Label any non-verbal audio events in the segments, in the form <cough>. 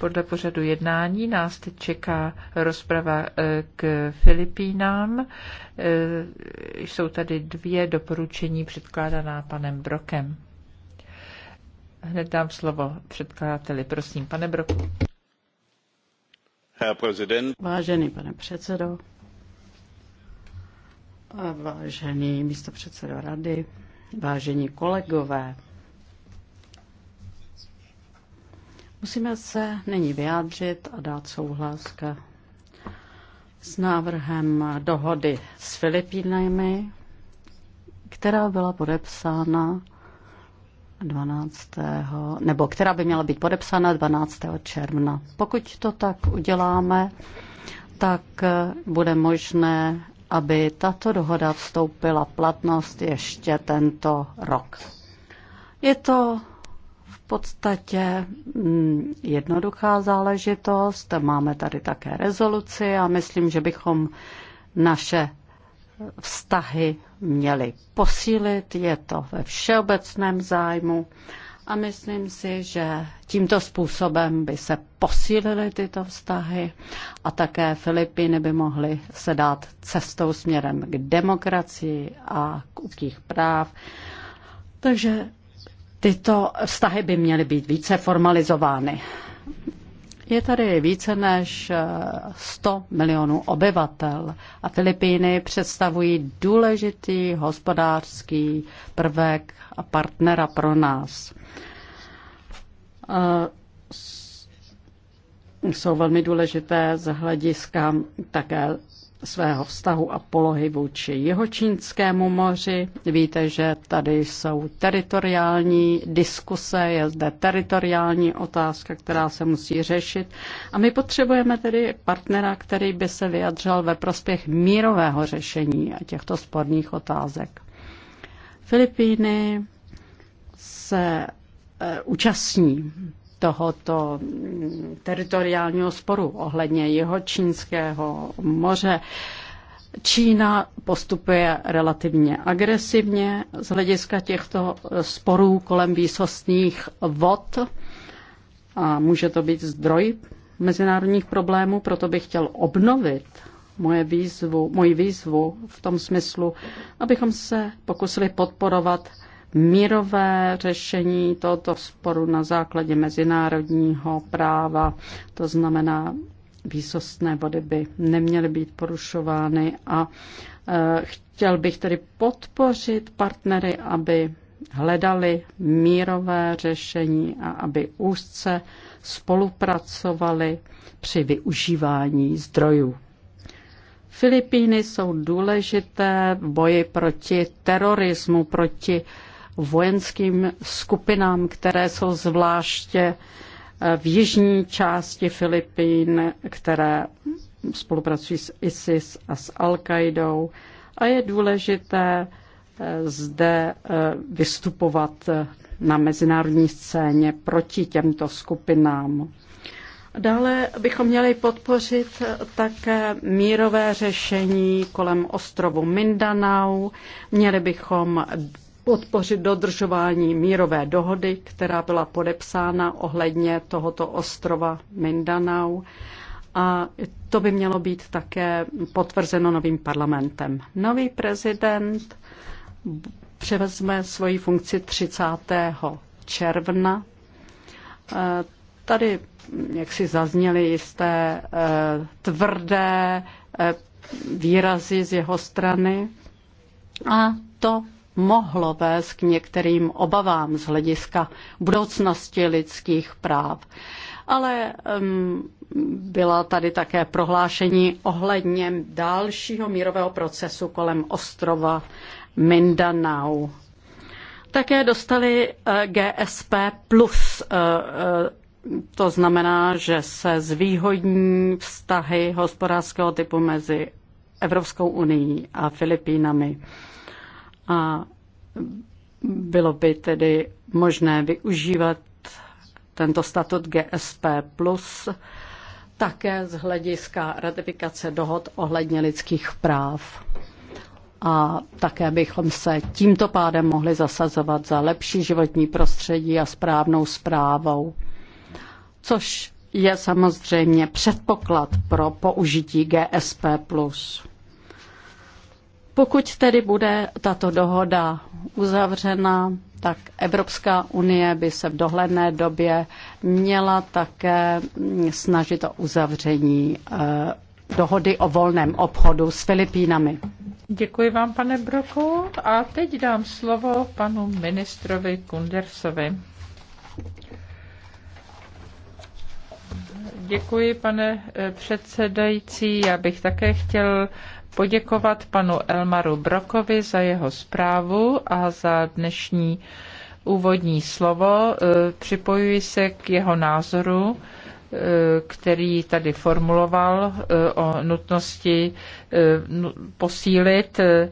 podle pořadu jednání nás teď čeká rozprava eh, k Filipínám. Eh, jsou tady dvě doporučení předkládaná panem Brokem. Hned dám slovo předkladateli. Prosím, pane Broku. Vážený pane předsedo, A vážený místo předsedo rady, vážení kolegové, Musíme se nyní vyjádřit a dát souhlas k s návrhem dohody s Filipínami, která byla podepsána 12. nebo která by měla být podepsána 12. června. Pokud to tak uděláme, tak bude možné, aby tato dohoda vstoupila v platnost ještě tento rok. Je to v podstatě mm, jednoduchá záležitost. Máme tady také rezoluci a myslím, že bychom naše vztahy měli posílit. Je to ve všeobecném zájmu a myslím si, že tímto způsobem by se posílily tyto vztahy a také Filipíny by mohly se dát cestou směrem k demokracii a k úplných práv. Takže Tyto vztahy by měly být více formalizovány. Je tady více než 100 eh, milionů obyvatel a Filipíny představují důležitý hospodářský prvek a partnera pro nás. Eh, jsou velmi důležité z hlediska také svého vztahu a polohy vůči čínskému moři. Víte, že tady jsou teritoriální diskuse, je zde teritoriální otázka, která se musí řešit. A my potřebujeme tedy partnera, který by se vyjadřil ve prospěch mírového řešení těchto sporných otázek. Filipíny se eh, účastní tohoto mm, teritoriálního sporu ohledně jeho čínského moře. Čína postupuje relativně agresivně z hlediska těchto sporů kolem výsostných vod a může to být zdroj mezinárodních problémů, proto bych chtěl obnovit moje výzvu, moji výzvu v tom smyslu, abychom se pokusili podporovat mírové řešení tohoto sporu na základě mezinárodního práva. To znamená, výsostné body by neměly být porušovány a e, chtěl bych tedy podpořit partnery, aby hledali mírové řešení a aby úzce spolupracovali při využívání zdrojů. Filipíny jsou důležité v boji proti terorismu, proti vojenským skupinám, které jsou zvláště eh, v jižní části Filipín, které spolupracují s ISIS a s al kaidou A je důležité eh, zde eh, vystupovat na mezinárodní scéně proti těmto skupinám. Dále bychom měli podpořit také mírové řešení kolem ostrovu Mindanao. Měli bychom podpořit dodržování mírové dohody, která byla podepsána ohledně tohoto ostrova Mindanao. A to by mělo být také potvrzeno novým parlamentem. Nový prezident převezme svoji funkci 30. června. Eh, tady, jak si zazněly jisté eh, tvrdé eh, výrazy z jeho strany, a to mohlo vést k některým obavám z hlediska budoucnosti lidských práv. Ale um, byla tady také prohlášení ohledně dalšího mírového procesu kolem ostrova Mindanao. Také dostali eh, GSP plus, eh, eh, to znamená, že se zvýhodní vztahy hospodářského typu mezi Evropskou unii a Filipínami a bylo by tedy možné využívat tento statut GSP plus také z hlediska ratifikace dohod ohledně lidských práv. A také bychom se tímto pádem mohli zasazovat za lepší životní prostředí a správnou zprávou, což je samozřejmě předpoklad pro použití GSP plus. Pokud tedy bude tato dohoda uzavřena, tak Evropská unie by se v dohledné době měla také snažit o uzavření eh, dohody o volném obchodu s Filipínami. Děkuji vám, pane Broku. A teď dám slovo panu ministrovi Kundersovi. Děkuji, pane eh, předsedající. Já bych také chtěl poděkovat panu Elmaru Brokovi za jeho zprávu a za dnešní úvodní slovo. E, připojuji se k jeho názoru, e, který tady formuloval e, o nutnosti Eh, posílit eh,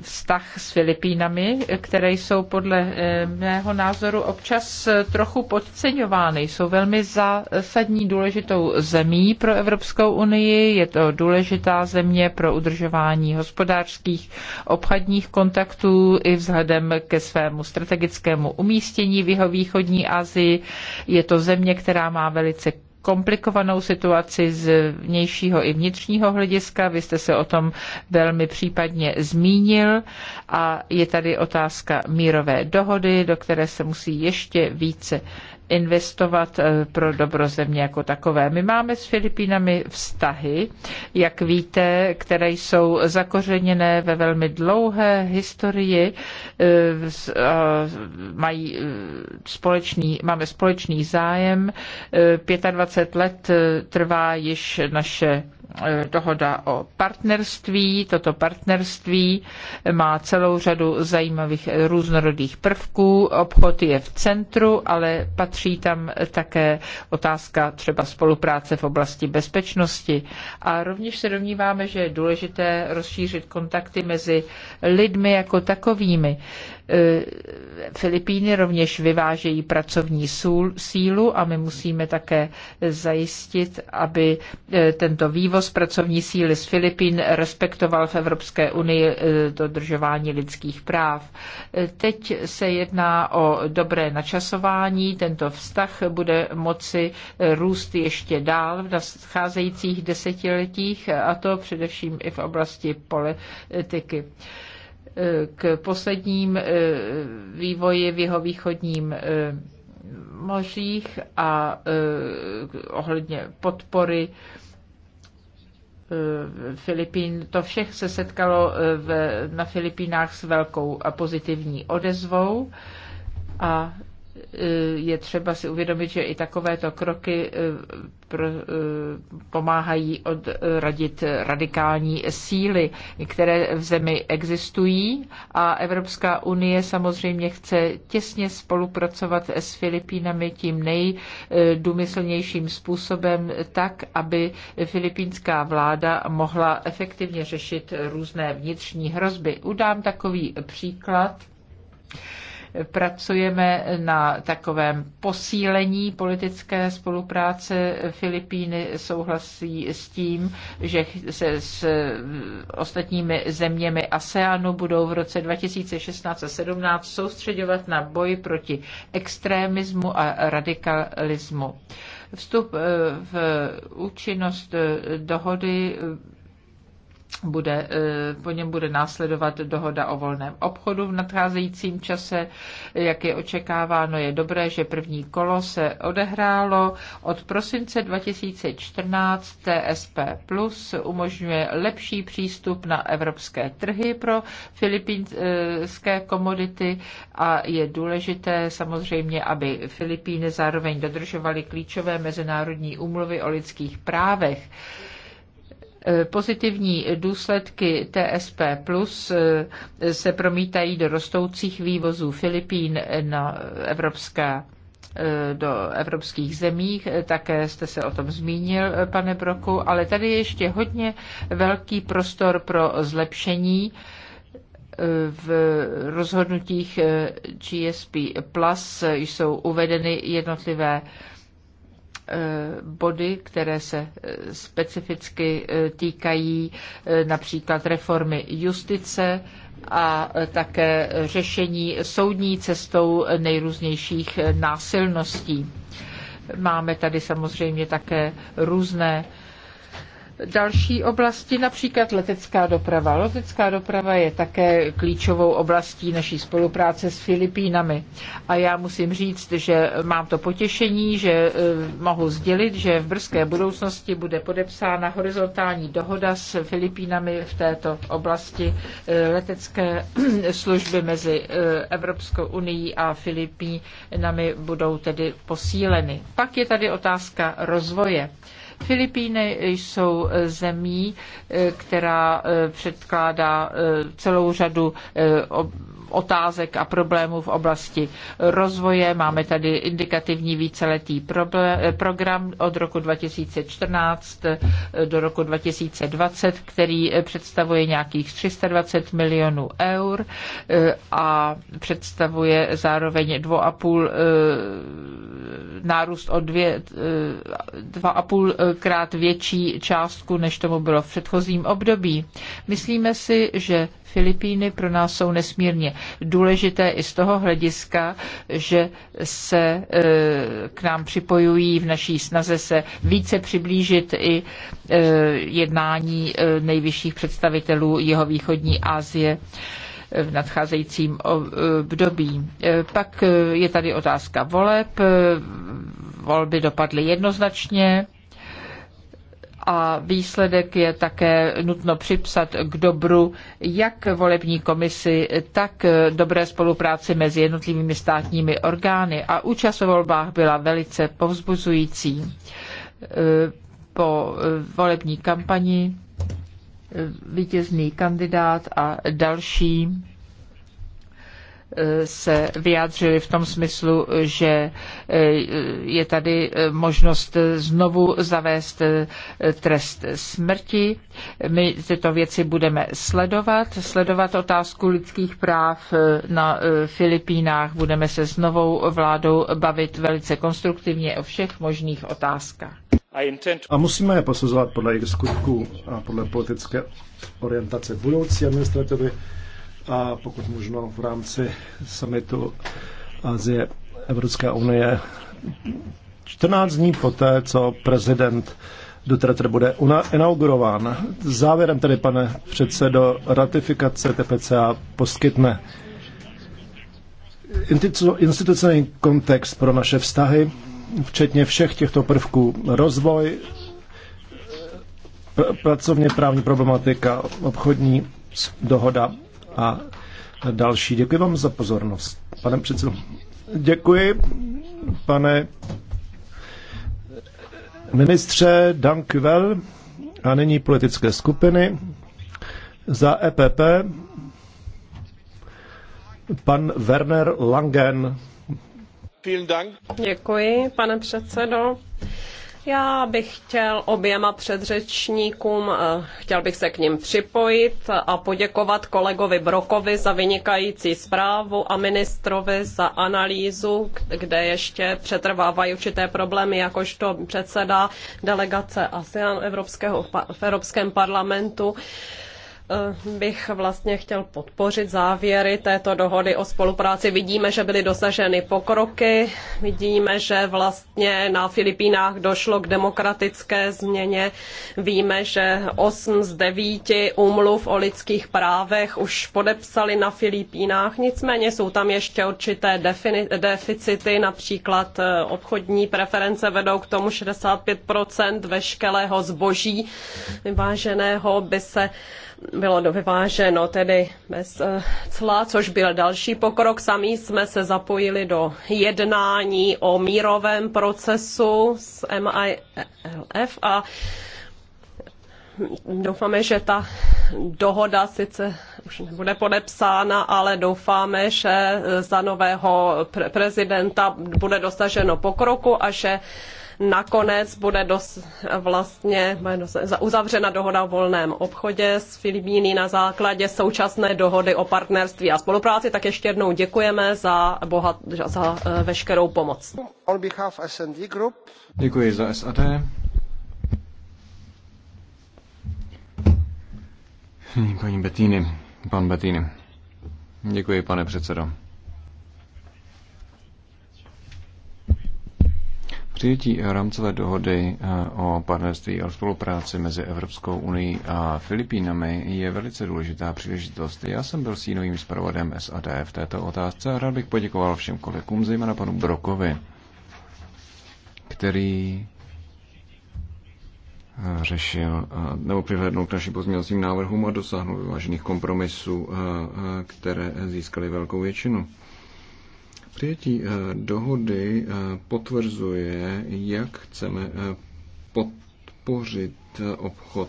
vztah s Filipínami, které jsou podle eh, mého názoru občas trochu podceňovány. Jsou velmi zásadní důležitou zemí pro Evropskou unii, je to důležitá země pro udržování hospodářských obchodních kontaktů i vzhledem ke svému strategickému umístění v jihovýchodní Asii. Je to země, která má velice komplikovanou situaci z vnějšího i vnitřního hlediska. Vy jste se o tom velmi případně zmínil a je tady otázka mírové dohody, do které se musí ještě více investovat eh, pro dobro země jako takové. My máme s Filipínami vztahy, jak víte, které jsou zakořeněné ve velmi dlouhé historii. Eh, mají eh, společný, máme společný zájem. 25 let trvá již naše Eh, dohoda o partnerství. Toto partnerství má celou řadu zajímavých různorodých prvků. Obchod je v centru, ale patří tam také otázka třeba spolupráce v oblasti bezpečnosti. A rovněž se domníváme, že je důležité rozšířit kontakty mezi lidmi jako takovými. E, Filipíny rovněž vyvážejí pracovní sílu a my musíme také zajistit, aby e, tento vývoz pracovní síly z Filipín respektoval v Evropské unii e, dodržování lidských práv. Teď se jedná o dobré načasování. Tento vztah bude moci růst ještě dál v nadcházejících desetiletích, a to především i v oblasti politiky k posledním eh, vývoji v jeho východním eh, mořích a eh, ohledně podpory Filipín. To všech se setkalo v, na Filipínách s velkou a pozitivní odezvou a je třeba si uvědomit, že i takovéto kroky eh, eh, pomáhají odradit radikální síly, které v zemi existují a Evropská unie samozřejmě chce těsně spolupracovat s Filipínami tím nejdůmyslnějším způsobem tak, aby filipínská vláda mohla efektivně řešit různé vnitřní hrozby. Udám takový příklad Pracujeme na takovém posílení politické spolupráce. Filipíny souhlasí s tím, že se s ostatními zeměmi ASEANu budou v roce 2016 a 2017 soustředovat na boj proti extrémismu a radikalismu. Vstup eh, v účinnost eh, dohody bude, e, po něm bude následovat dohoda o volném obchodu v nadcházejícím čase. Jak je očekáváno, je dobré, že první kolo se odehrálo. Od prosince 2014 TSP Plus umožňuje lepší přístup na evropské trhy pro filipínské komodity a je důležité samozřejmě, aby Filipíny zároveň dodržovaly klíčové mezinárodní úmluvy o lidských právech. Pozitivní důsledky TSP plus eh, se promítají do rostoucích vývozů Filipín na evropská eh, do evropských zemích, také jste se o tom zmínil, eh, pane Broku, ale tady je ještě hodně velký prostor pro zlepšení v rozhodnutích GSP Plus jsou uvedeny jednotlivé body, které se eh, specificky eh, týkají eh, například reformy justice a také řešení soudní cestou nejrůznějších násilností. Máme tady samozřejmě také různé další oblasti, například letecká doprava. Letecká doprava je také klíčovou oblastí naší spolupráce s Filipínami. A já musím říct, že mám to potěšení, že eh, mohu sdělit, že v brzké budoucnosti bude podepsána horizontální dohoda s Filipínami v této oblasti eh, letecké <clears throat> služby mezi eh, Evropskou unii a Filipínami budou tedy posíleny. Pak je tady otázka rozvoje. Filipíny jsou zemí, eh, která eh, předkládá eh, celou řadu otázek a problémů v oblasti rozvoje. Máme tady indikativní víceletý program od roku 2014 do roku 2020, který představuje nějakých 320 milionů eur a představuje zároveň 2,5 eh, nárůst o 2,5 eh, eh, krát větší částku, než tomu bylo v předchozím období. Myslíme si, že Filipíny pro nás jsou nesmírně důležité i z toho hlediska, že se e, k nám připojují v naší snaze se více přiblížit i e, jednání e, nejvyšších představitelů jeho východní Asie v nadcházejícím období. Pak je tady otázka voleb. Volby dopadly jednoznačně a výsledek je také nutno připsat k dobru jak volební komisi, tak dobré spolupráci mezi jednotlivými státními orgány a účast ve volbách byla velice povzbuzující. Po volební kampani vítězný kandidát a další se vyjádřili v tom smyslu, že eh, je tady eh, možnost znovu zavést eh, trest smrti. My tyto věci budeme sledovat, sledovat otázku lidských práv na Filipínách. Budeme se s novou vládou bavit velice konstruktivně o všech možných otázkách. A musíme je posuzovat podle jejich skutků a podle politické orientace budoucí administrativy a pokud možno v rámci summitu Azie Evropské unie 14 dní poté, co prezident Duterte bude inaugurován. Závěrem tedy, pane předsedo, ratifikace TPCA poskytne institucionální kontext pro naše vztahy, včetně všech těchto prvků rozvoj, pr- pracovně právní problematika, obchodní dohoda a další. Děkuji vám za pozornost, pane předsedo. Děkuji, pane ministře Dankvel a nyní politické skupiny. Za EPP pan Werner Langen. Děkuji, pane předsedo. Já bych chtěl oběma předřečníkům, eh, chtěl bych se k ním připojit a poděkovat kolegovi Brokovi za vynikající zprávu a ministrovi za analýzu, kde ještě přetrvávají určité problémy, jakožto předseda delegace ASEAN Evropského, v Evropském parlamentu. Eh, bych vlastně chtěl podpořit závěry této dohody o spolupráci. Vidíme, že byly dosaženy pokroky, vidíme, že vlastně na Filipínách došlo k demokratické změně, víme, že 8 z 9 úmluv o lidských právech už podepsali na Filipínách, nicméně jsou tam ještě určité deficity, například eh, obchodní preference vedou k tomu 65% veškerého zboží vyváženého by se bylo vyváženo tedy bez eh, cla, což byl další pokrok. Sami jsme se zapojili do jednání o mírovém procesu s MILF a doufáme, že ta dohoda sice už nebude podepsána, ale doufáme, že za nového prezidenta bude dosaženo pokroku a že Nakonec bude dos, vlastně uzavřena dohoda o volném obchodě s Filipíny na základě současné dohody o partnerství a spolupráci. Tak ještě jednou děkujeme za, bohat, za eh, veškerou pomoc. On SND Group. Děkuji za SAD. Hm, paní Betíny, pan Betíny. Děkuji, pane předsedo. Přijetí rámcové dohody eh, o partnerství a spolupráci mezi Evropskou unii a Filipínami je velice důležitá příležitost. Já jsem byl sínovým zpravodem SAD v této otázce a rád bych poděkoval všem kolegům, zejména panu Brokovi, který eh, řešil eh, nebo přihlednul k našim pozměňovacím návrhům a dosáhnul vyvážených kompromisů, které získaly velkou většinu. Přijetí eh, dohody eh, potvrzuje, jak chceme eh, podpořit obchod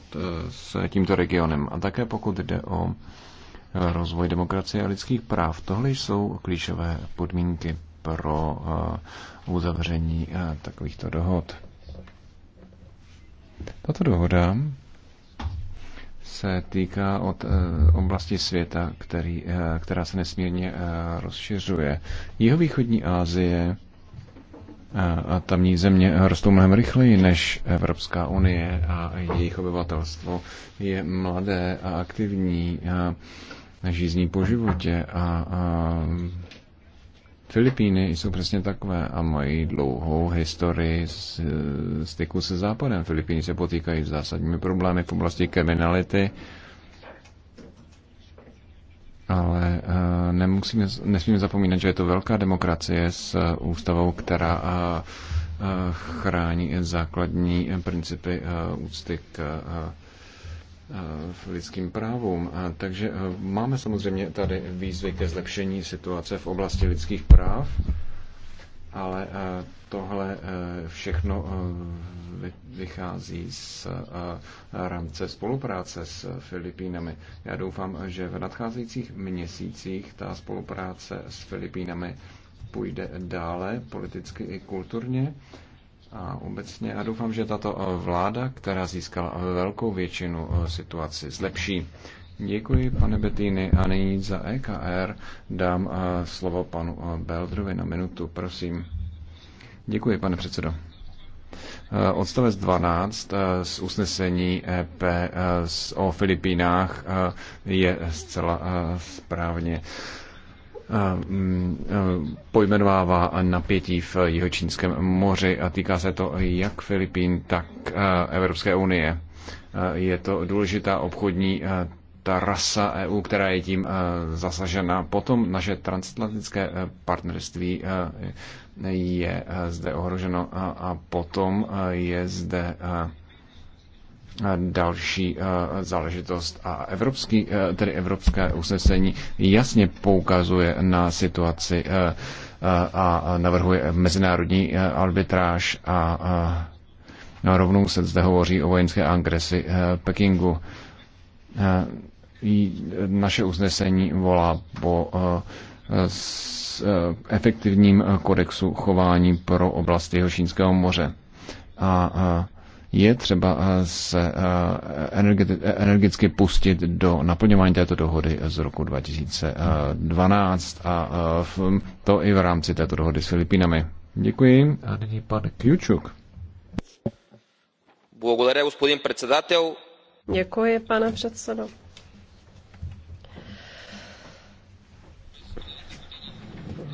s tímto regionem. A také pokud jde o rozvoj demokracie a lidských práv, tohle jsou klíčové podmínky pro uzavření takovýchto dohod. Tato dohoda se týká od eh, oblasti světa, který, eh, která se nesmírně eh, rozšiřuje. Jihovýchodní Asie a tamní země rostou mnohem rychleji než Evropská unie a jejich obyvatelstvo je mladé a aktivní a žízní po životě a, a Filipíny jsou přesně takové a mají dlouhou historii s, eh, styku se západem. Filipíny se potýkají s zásadními problémy v oblasti kriminality, ale eh, nemusíme, nesmíme zapomínat, že je to velká demokracie s eh, ústavou, která chrání základní principy úcty k v lidským právům. Takže e, máme samozřejmě tady výzvy ke zlepšení situace v oblasti lidských práv, ale e, tohle e, všechno vychází z rámce spolupráce s Filipínami. Já doufám, že v nadcházejících měsících ta spolupráce s Filipínami půjde dále politicky i kulturně a obecně. A doufám, že tato eh, vláda, která získala eh, velkou většinu eh, situaci, zlepší. Děkuji, pane Betýny. A nyní za EKR dám slovo panu Beldrovi na minutu, prosím. Děkuji, pane předsedo. Odstavec 12 z usnesení EP o Filipínách je zcela správně Mm, pojmenovává napětí v Jihočínském moři a týká se to jak Filipín, tak Evropské unie. Je to důležitá obchodní ta rasa EU, která je tím zasažena. Potom naše transatlantické partnerství je zde ohroženo a potom je zde další eh, záležitost. A evropský, eh, tedy evropské usnesení jasně poukazuje na situaci eh, a navrhuje mezinárodní arbitráž a rovnou se zde hovoří o vojenské agresi Pekingu. Naše usnesení volá po s efektivním kodexu chování pro oblasti Jihočínského moře. A je třeba eh, se eh, energicky pustit do naplňování této dohody z roku 2012 a eh, to i v rámci této dohody s Filipínami. Děkuji. A nyní pan Kjučuk. Děkuji, pane předsedo.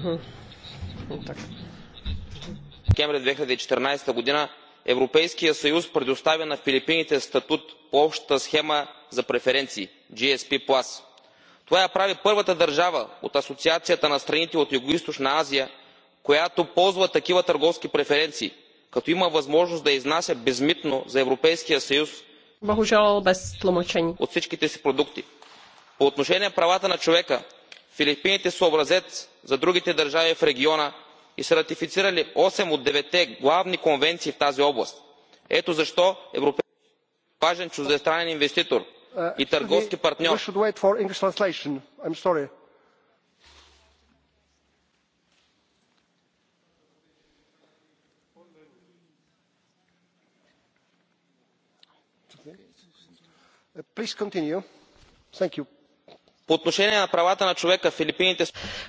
Hm. hm tak. Декември 2014 година европейският съюз предоставя на филипините статут по общата схема за преференции gsp. това я прави първата държава от асоциацията на страните от югоизточна азия която ползва такива търговски преференции като има възможност да изнася безмитно за европейския съюз от всичките си продукти. по отношение правата на човека филипините са образец за другите държави в региона и са ратифицирали осем от деветте главни конвенции в тази област. ето защо европейският съюз е важен чуждестранен инвеститор и търговски партньор.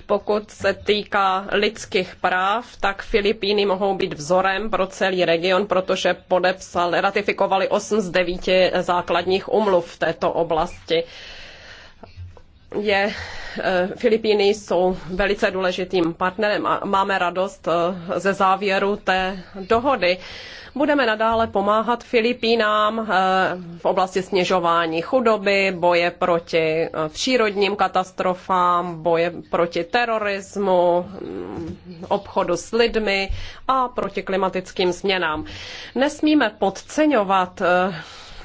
Pokud se týká lidských práv, tak Filipíny mohou být vzorem pro celý region, protože podepsali, ratifikovali 8 z 9 základních umluv v této oblasti je, eh, Filipíny jsou velice důležitým partnerem a máme radost eh, ze závěru té dohody. Budeme nadále pomáhat Filipínám eh, v oblasti snižování chudoby, boje proti přírodním katastrofám, boje proti terorismu, mm, obchodu s lidmi a proti klimatickým změnám. Nesmíme podceňovat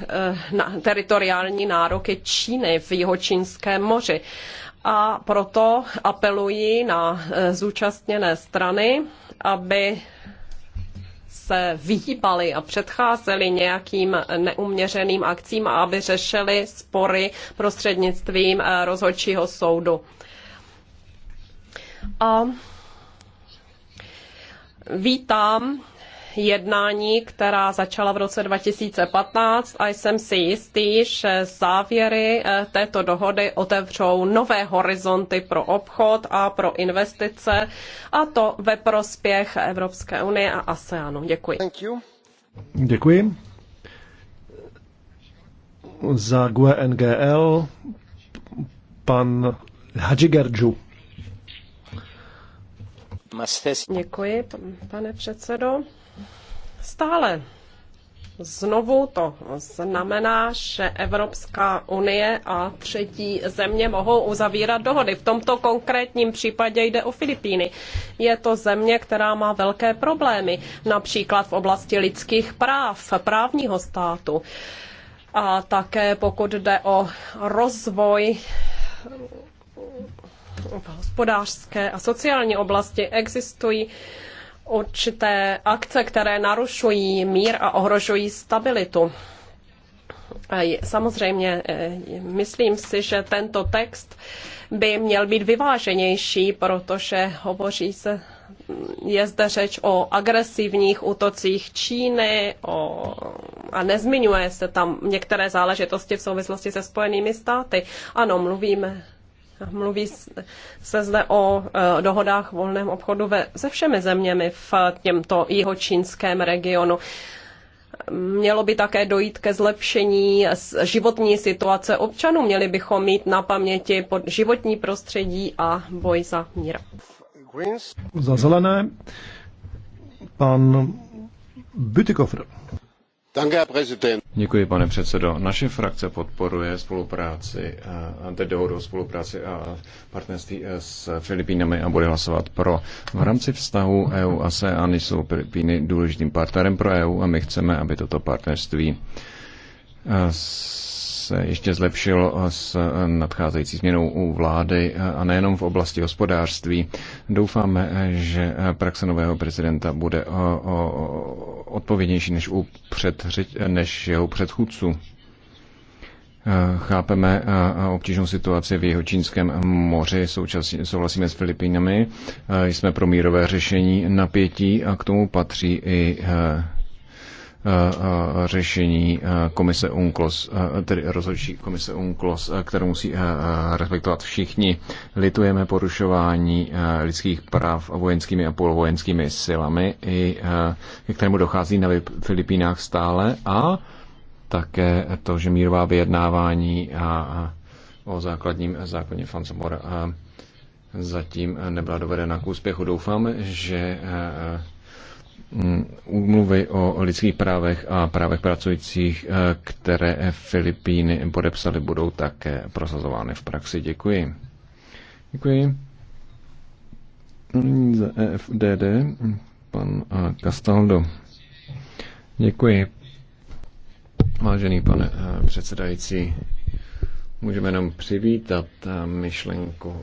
Eh, na teritoriální nároky Číny v Jihočínském moři. A proto apeluji na eh, zúčastněné strany, aby se vyhýbali a předcházeli nějakým neuměřeným akcím a aby řešili spory prostřednictvím eh, rozhodčího soudu. A vítám jednání, která začala v roce 2015 a jsem si jistý, že závěry eh, této dohody otevřou nové horizonty pro obchod a pro investice a to ve prospěch Evropské unie a ASEANu. Děkuji. Děkuji. Za GUE NGL pan Hadžigerdžu. Děkuji, pane předsedo. Stále Znovu to znamená, že Evropská unie a třetí země mohou uzavírat dohody. V tomto konkrétním případě jde o Filipíny. Je to země, která má velké problémy, například v oblasti lidských práv, právního státu. A také pokud jde o rozvoj v hospodářské a sociální oblasti, existují určité akce, které narušují mír a ohrožují stabilitu. Samozřejmě, eh, myslím si, že tento text by měl být vyváženější, protože hovoří se, je zde řeč o agresivních útocích Číny o, a nezmiňuje se tam některé záležitosti v souvislosti se Spojenými státy. Ano, mluvíme Mluví se zde o eh, dohodách volném obchodu ve, se všemi zeměmi v těmto jihočínském regionu. Mělo by také dojít ke zlepšení životní situace občanů. Měli bychom mít na paměti pod životní prostředí a boj za mír. Za zelené pan Bütikofer. Děkuji, pane předsedo. Naše frakce podporuje spolupráci, eh, tedy dohodu o spolupráci a partnerství eh, s Filipínami a bude hlasovat pro. V rámci vztahu EU a SEAN jsou Filipíny důležitým partnerem pro EU a my chceme, aby toto partnerství eh, s se ještě zlepšil s nadcházející změnou u vlády a nejenom v oblasti hospodářství. Doufáme, že praxe nového prezidenta bude odpovědnější než, u předři, než jeho předchůdců. Chápeme obtížnou situaci v jeho čínském moři, Současně, souhlasíme s Filipínami, jsme pro mírové řešení napětí a k tomu patří i Eh, řešení eh, komise UNCLOS, eh, tedy rozhodčí komise UNCLOS, kterou musí respektovat všichni. Litujeme porušování lidských práv vojenskými a polovojenskými silami, i ke kterému dochází na Filipínách stále a také to, že mírová vyjednávání a o základním zákoně Fanzomora zatím nebyla dovedena k úspěchu. Doufám, že Mm, úmluvy o lidských právech a právech pracujících, eh, které Filipíny podepsaly, budou také prosazovány v praxi. Děkuji. Děkuji. Za e FDD pan eh, Castaldo. Děkuji. Vážený pane eh, předsedající, můžeme jenom přivítat myšlenku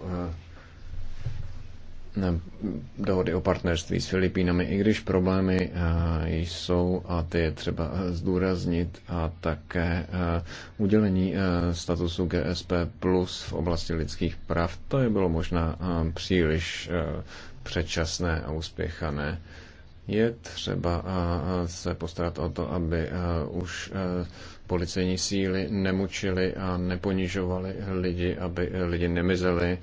dohody o partnerství s Filipínami, i když problémy eh, jsou a ty je třeba eh, zdůraznit a také eh, udělení statusu GSP plus v oblasti lidských práv, to je bylo možná příliš předčasné a uspěchané. Je třeba se postarat o to, aby už policejní síly nemučily a neponižovali lidi, aby lidi nemizeli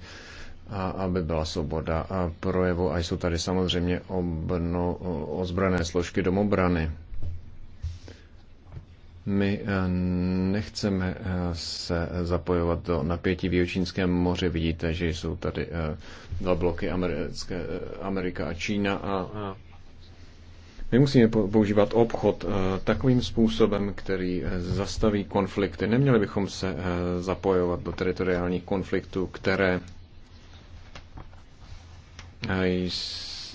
a aby byla svoboda a projevu. A jsou tady samozřejmě obno, ozbrané složky domobrany. My eh, nechceme eh, se zapojovat do napětí v Jočínském moři. Vidíte, že jsou tady eh, dva bloky americké, Amerika a Čína a my musíme používat obchod takovým způsobem, který zastaví konflikty. Neměli bychom se zapojovat do teritoriálních konfliktů, které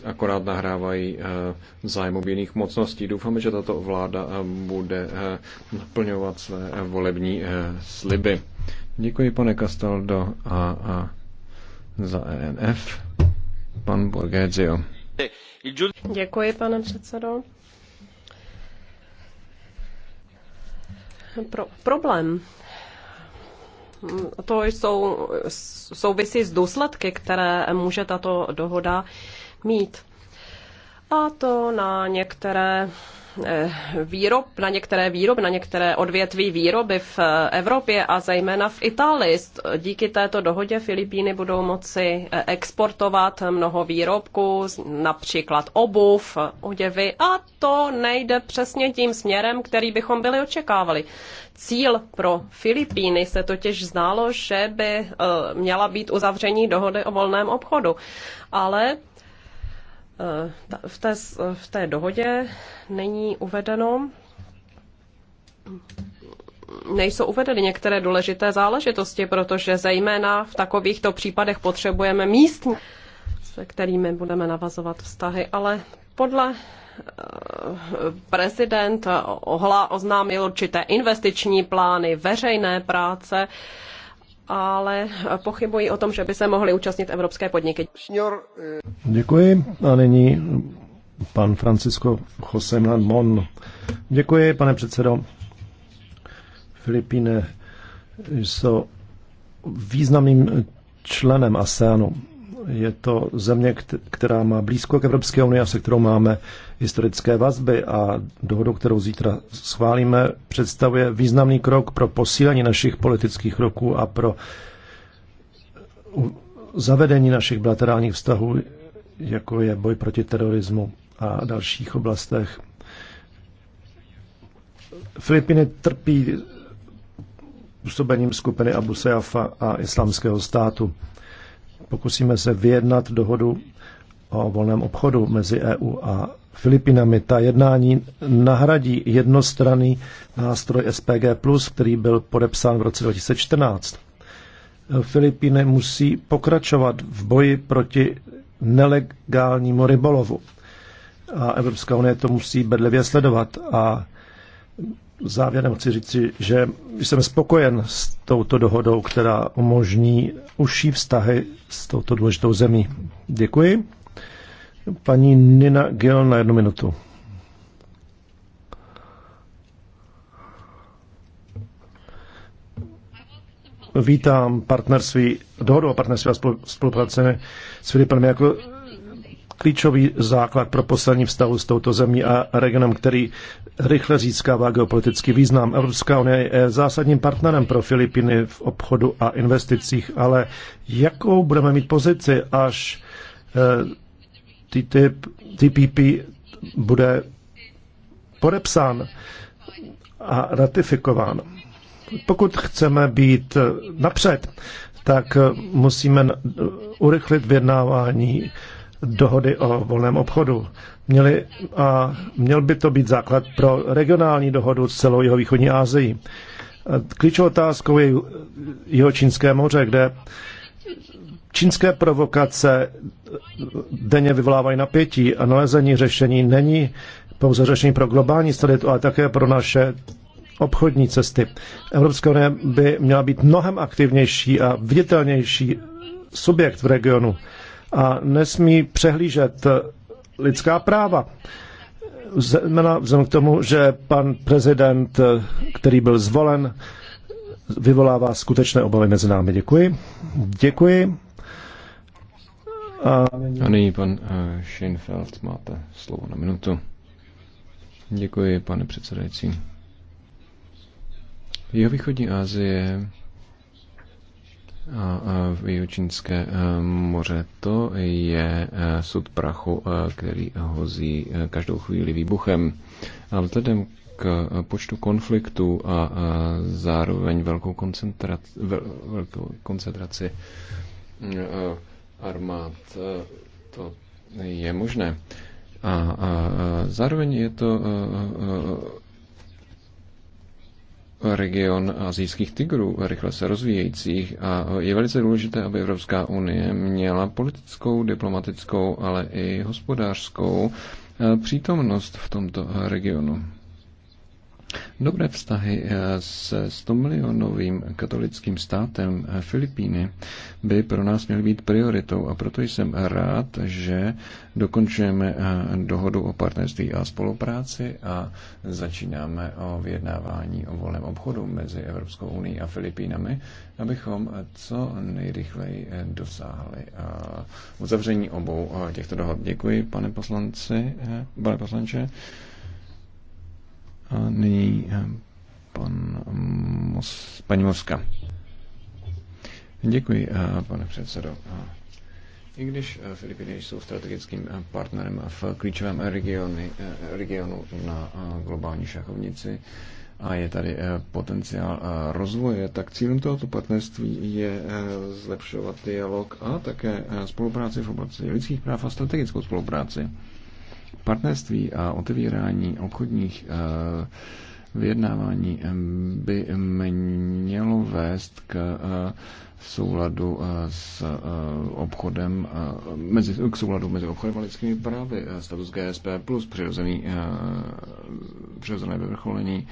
akorát nahrávají eh, zájmu jiných mocností. Doufáme, že tato vláda eh, bude eh, naplňovat své volební sliby. Děkuji, pane Castaldo, a, a za ENF, pan Borghezio. Děkuji, pane předsedo. Pro, problém to jsou souvisí s důsledky, které může tato dohoda mít. A to na některé Eh, výrob, na některé výrob, na některé odvětví výroby v eh, Evropě a zejména v Itálii. Díky této dohodě Filipíny budou moci eh, exportovat mnoho výrobků, například obuv, oděvy a to nejde přesně tím směrem, který bychom byli očekávali. Cíl pro Filipíny se totiž znalo, že by měla být uzavření dohody o volném obchodu. Ale Eh, v té, v té dohodě není uvedeno, nejsou uvedeny některé důležité záležitosti, protože zejména v takovýchto případech potřebujeme místní, se kterými budeme navazovat vztahy, ale podle eh, prezident ohla oznámil určité investiční plány, veřejné práce, ale pochybuji o tom, že by se mohly účastnit evropské podniky. Eh, Děkuji. A nyní pan Francisco José Mon. Děkuji, pane předsedo. Filipíny jsou významným členem ASEANu je to země, která má blízko k Evropské unii a se kterou máme historické vazby a dohodu, kterou zítra schválíme, představuje významný krok pro posílení našich politických kroků a pro zavedení našich bilaterálních vztahů, jako je boj proti terorismu a dalších oblastech. Filipiny trpí působením skupiny Abu Sayyafa a islamského státu. Pokusíme se vyjednat dohodu o volném obchodu mezi EU a Filipinami. Ta jednání nahradí jednostranný nástroj SPG+, který byl podepsán v roce 2014. Filipíny musí pokračovat v boji proti nelegálnímu rybolovu. A Evropská unie to musí bedlivě sledovat. A závěrem chci říci, že jsem spokojen s touto dohodou, která umožní užší vztahy s touto důležitou zemí. Děkuji. Paní Nina Gil na jednu minutu. Vítám partnerství, dohodu o partnerství a spolupráci s Filipem jako klíčový základ pro poslední vztahu s touto zemí a regionem, který rychle získává geopolitický význam. Evropská unie je zásadním partnerem pro Filipiny v obchodu a investicích, ale jakou budeme mít pozici, až eh, TTIP, TPP bude podepsán a ratifikován. Pokud chceme být eh, napřed, tak eh, musíme urychlit vyjednávání dohody o volném obchodu. Měli, a měl by to být základ pro regionální dohodu s celou jeho východní Asií. Klíčovou otázkou je jeho Čínské moře, kde čínské provokace denně vyvolávají napětí a nalezení řešení není pouze řešení pro globální stabilitu, ale také pro naše obchodní cesty. Evropská unie by měla být mnohem aktivnější a viditelnější subjekt v regionu a nesmí přehlížet lidská práva. Zejména vzhledem k tomu, že pan prezident, který byl zvolen, vyvolává skutečné obavy mezi námi. Děkuji. Děkuji. A, a nyní pan uh, eh, Schinfeld, máte slovo na minutu. Děkuji, pane předsedající. východní Asie a Jihočínské moře. To je sud prachu, který hozí každou chvíli výbuchem. A vzhledem k počtu konfliktů a zároveň velkou koncentraci, velkou koncentraci armád, to je možné. A zároveň je to region azijských tigrů, rychle se rozvíjejících a je velice důležité, aby Evropská unie měla politickou, diplomatickou, ale i hospodářskou eh, přítomnost v tomto regionu. Dobré vztahy eh, s 100 milionovým katolickým státem eh, Filipíny by pro nás měly být prioritou a proto jsem rád, že dokončujeme eh, dohodu o partnerství a spolupráci a začínáme o vyjednávání o volném obchodu mezi Evropskou unii a Filipínami, abychom co nejrychleji dosáhli uzavření obou těchto dohod. Děkuji, pane poslanci, pane poslanče. A nyní eh, pan Mos, paní Moska. Děkuji, eh, pane předsedo. I když eh, Filipiny jsou strategickým partnerem v klíčovém regionu, regionu na globální šachovnici a je tady potenciál rozvoje, tak cílem tohoto partnerství je zlepšovat dialog a také spolupráci v oblasti lidských práv a strategickou spolupráci. Partnerství a otevírání obchodních eh, vyjednávání eh, by mělo vést k eh, souladu s obchodem, mezi, k souladu mezi obchodem a lidskými právy. Status GSP plus přirozený, přirozené vyvrcholení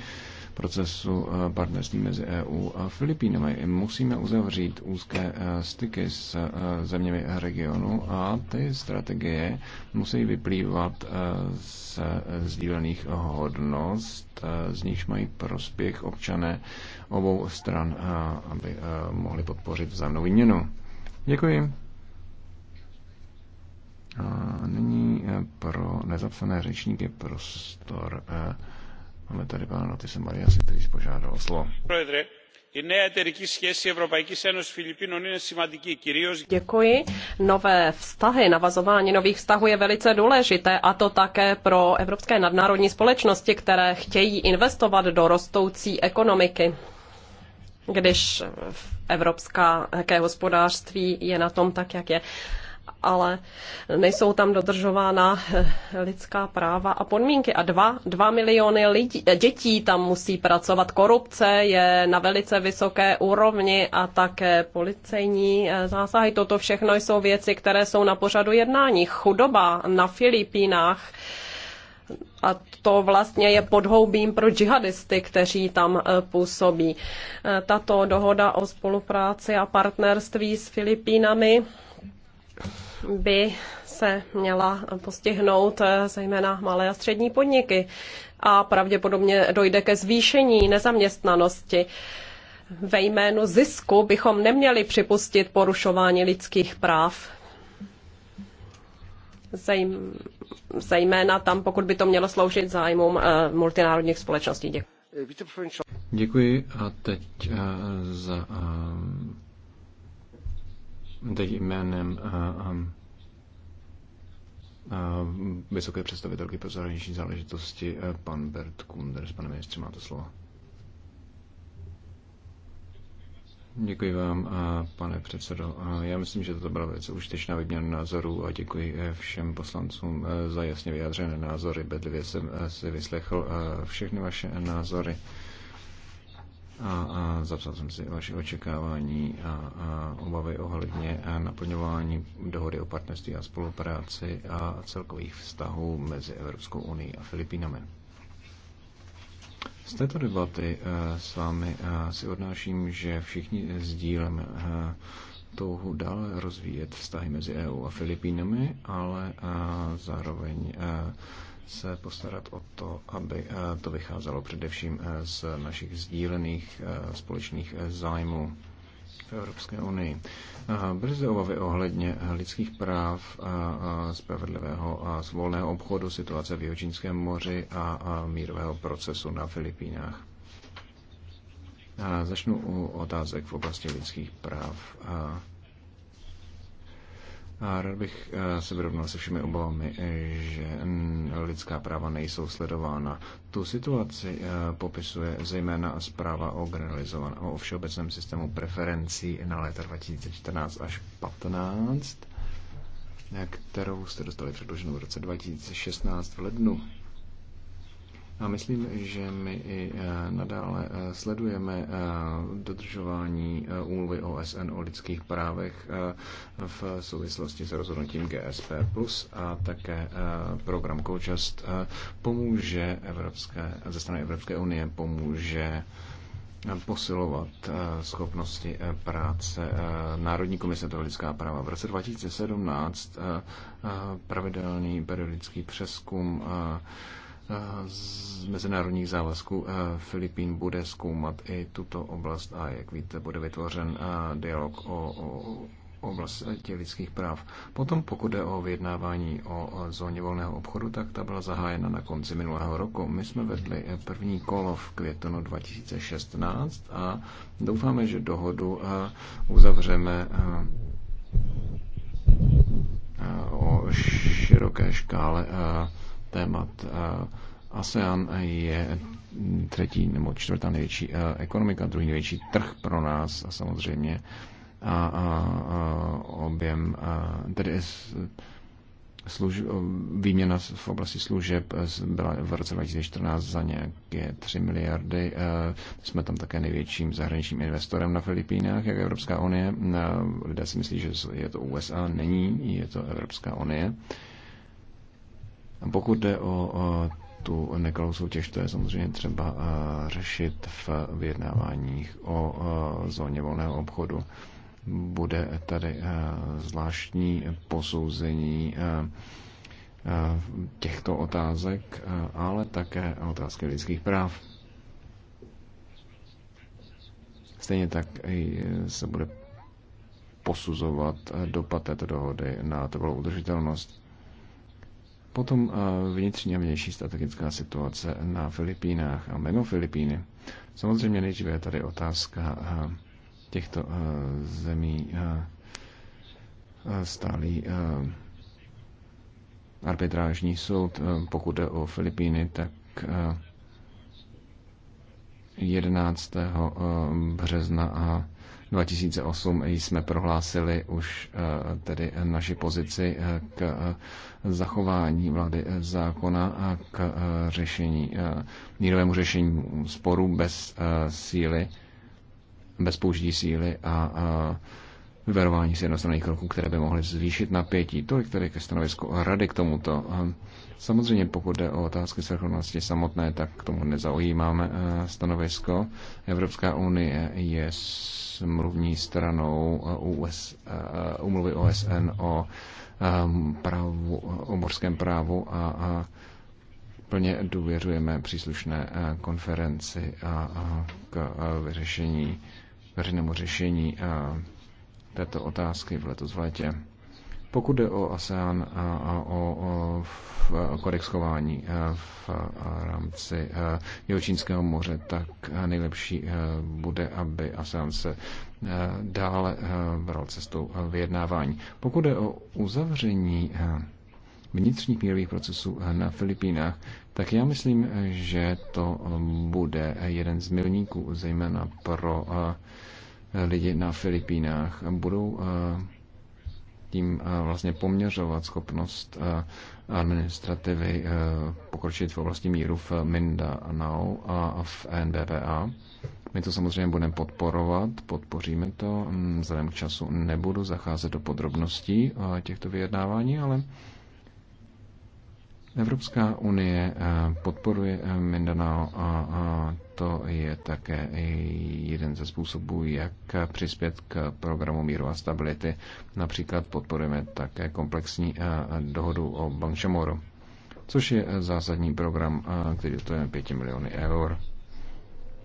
procesu eh, partnerství mezi EU a Filipínami. Musíme uzavřít úzké eh, styky s eh, zeměmi regionu a ty strategie musí vyplývat z sdílených hodnost, z nichž mají prospěch občané obou stran, aby mohli podpořit vzájemnou výměnu. Děkuji. A nyní pro nezapsané řečníky prostor Máme tady pana Notise Mariasi, který si požádal o slovo. Děkuji. Nové vztahy, navazování nových vztahů je velice důležité a to také pro evropské nadnárodní společnosti, které chtějí investovat do rostoucí ekonomiky když evropská, hospodářství je na tom tak, jak je ale nejsou tam dodržována eh, lidská práva a podmínky. A dva, dva miliony lidí, eh, dětí tam musí pracovat. Korupce je na velice vysoké úrovni a také policejní eh, zásahy. Toto všechno jsou věci, které jsou na pořadu jednání. Chudoba na Filipínách a to vlastně je podhoubím pro džihadisty, kteří tam působí. Tato dohoda o spolupráci a partnerství s Filipínami by se měla postihnout eh, zejména malé a střední podniky a pravděpodobně dojde ke zvýšení nezaměstnanosti. Ve jménu zisku bychom neměli připustit porušování lidských práv. zejména tam, pokud by to mělo sloužit zájmům eh, multinárodních společností. Děkuji. Děkuji a teď eh, za teď jménem eh, eh, eh, vysoké představitelky pro zahraniční záležitosti, pan Bert Kunders. Pane ministře, máte slovo. Děkuji vám, pane předsedo. Já myslím, že to byla velice užitečná výměna názorů a děkuji všem poslancům za jasně vyjádřené názory. Bedlivě jsem si vyslechl všechny vaše názory a, a zapsal jsem si vaše očekávání a, a obavy ohledně a naplňování dohody o partnerství a spolupráci a celkových vztahů mezi Evropskou unii a Filipínami. Z této debaty e, s vámi e, si odnáším, že všichni sdíleme e, touhu dále rozvíjet vztahy mezi EU a Filipínami, ale zároveň se postarat o to, aby eh, to vycházelo především eh, z našich sdílených eh, společných zájmů v Evropské unii. Byly zde obavy ohledně lidských práv, spravedlivého a svolného obchodu, situace v Jihočínském moři a mírového procesu na Filipínách. Začnu u otázek v oblasti lidských práv. A rád bych eh, se vyrovnal se všemi obavami, eh, že lidská práva nejsou sledována. Tu situaci eh, popisuje zejména zpráva o, generalizovaném o všeobecném systému preferencí na léta 2014 až 2015, kterou jste dostali předloženou v roce 2016 v lednu. A myslím, že my i eh, nadále eh, sledujeme eh, dodržování úmluvy OSN o lidských právech v souvislosti s rozhodnutím GSP+, a také program Koučast pomůže Evropské, ze strany Evropské unie pomůže posilovat schopnosti práce Národní komise pro lidská práva. V roce 2017 pravidelný periodický přeskum z mezinárodních závazků eh, Filipín bude zkoumat i tuto oblast a jak víte, bude vytvořen eh, dialog o, o oblasti lidských práv. Potom, pokud jde o vyjednávání o zóně volného obchodu, tak ta byla zahájena na konci minulého roku. My jsme vedli eh, první kolo v květnu 2016 a doufáme, že dohodu uzavřeme o široké škále témat. Eh, ASEAN je třetí nebo čtvrtá největší eh, ekonomika, druhý největší trh pro nás a samozřejmě a, a, a objem, a, eh, tedy služ, výměna v oblasti služeb byla v roce 2014 za nějaké 3 miliardy. Jsme tam také největším zahraničním investorem na Filipínách, jak Evropská unie. Lidé si myslí, že je to USA, není, je to Evropská unie. Pokud jde o tu nekalou soutěž, to je samozřejmě třeba řešit v vyjednáváních o zóně volného obchodu. Bude tady zvláštní posouzení těchto otázek, ale také otázky lidských práv. Stejně tak se bude posuzovat dopad této dohody na trvalou udržitelnost. Potom eh, vnitřní a vnější strategická situace na Filipínách a mimo Filipíny. Samozřejmě nejdříve je tady otázka eh, těchto eh, zemí stálý arbitrážní soud. Pokud jde o Filipíny, tak 11. března a 2008 jsme prohlásili už eh, tedy naši pozici eh, k eh, zachování vlády zákona a k řešení, mírovému řešení sporu bez síly, bez použití síly a vyvarování z jednostranných kroků, které by mohly zvýšit napětí. Tolik tedy ke stanovisku rady k tomuto. Ehm, samozřejmě pokud jde o otázky svrchovnosti samotné, tak k tomu nezaujímáme eh, stanovisko. Evropská unie je smluvní stranou eh, US, eh, umluvy OSN o, ehm, právu, o morském právu a plně důvěřujeme příslušné konferenci a k vyřešení, veřejnému řešení této otázky v letos v létě. Pokud jde o ASEAN a o, o, o kodex chování v rámci Jihočínského moře, tak nejlepší bude, aby ASEAN se dále bral cestou vyjednávání. Pokud jde o uzavření vnitřních mírových procesů na Filipínách, tak já myslím, že to bude jeden z milníků, zejména pro lidi na Filipínách budou eh, tím eh, vlastně poměřovat schopnost eh, administrativy pokročit v oblasti míru v Mindanao a v NBVA. My to samozřejmě budeme podporovat, podpoříme to. Mm, vzhledem k času nebudu zacházet do podrobností těchto vyjednávání, ale Evropská unie eh, podporuje eh, Mindanao a to je také jeden ze způsobů, jak eh, přispět k programu míru a stability. Například podporujeme také komplexní dohodu o Bangšamoru, což je zásadní program, který je 5 miliony eur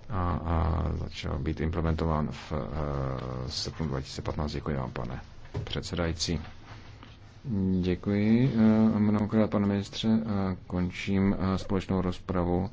a, a začal být implementován v srpnu 2015. Děkuji vám, pane předsedající. Děkuji eh, mnohokrát, pane ministře. Končím eh, společnou rozpravu.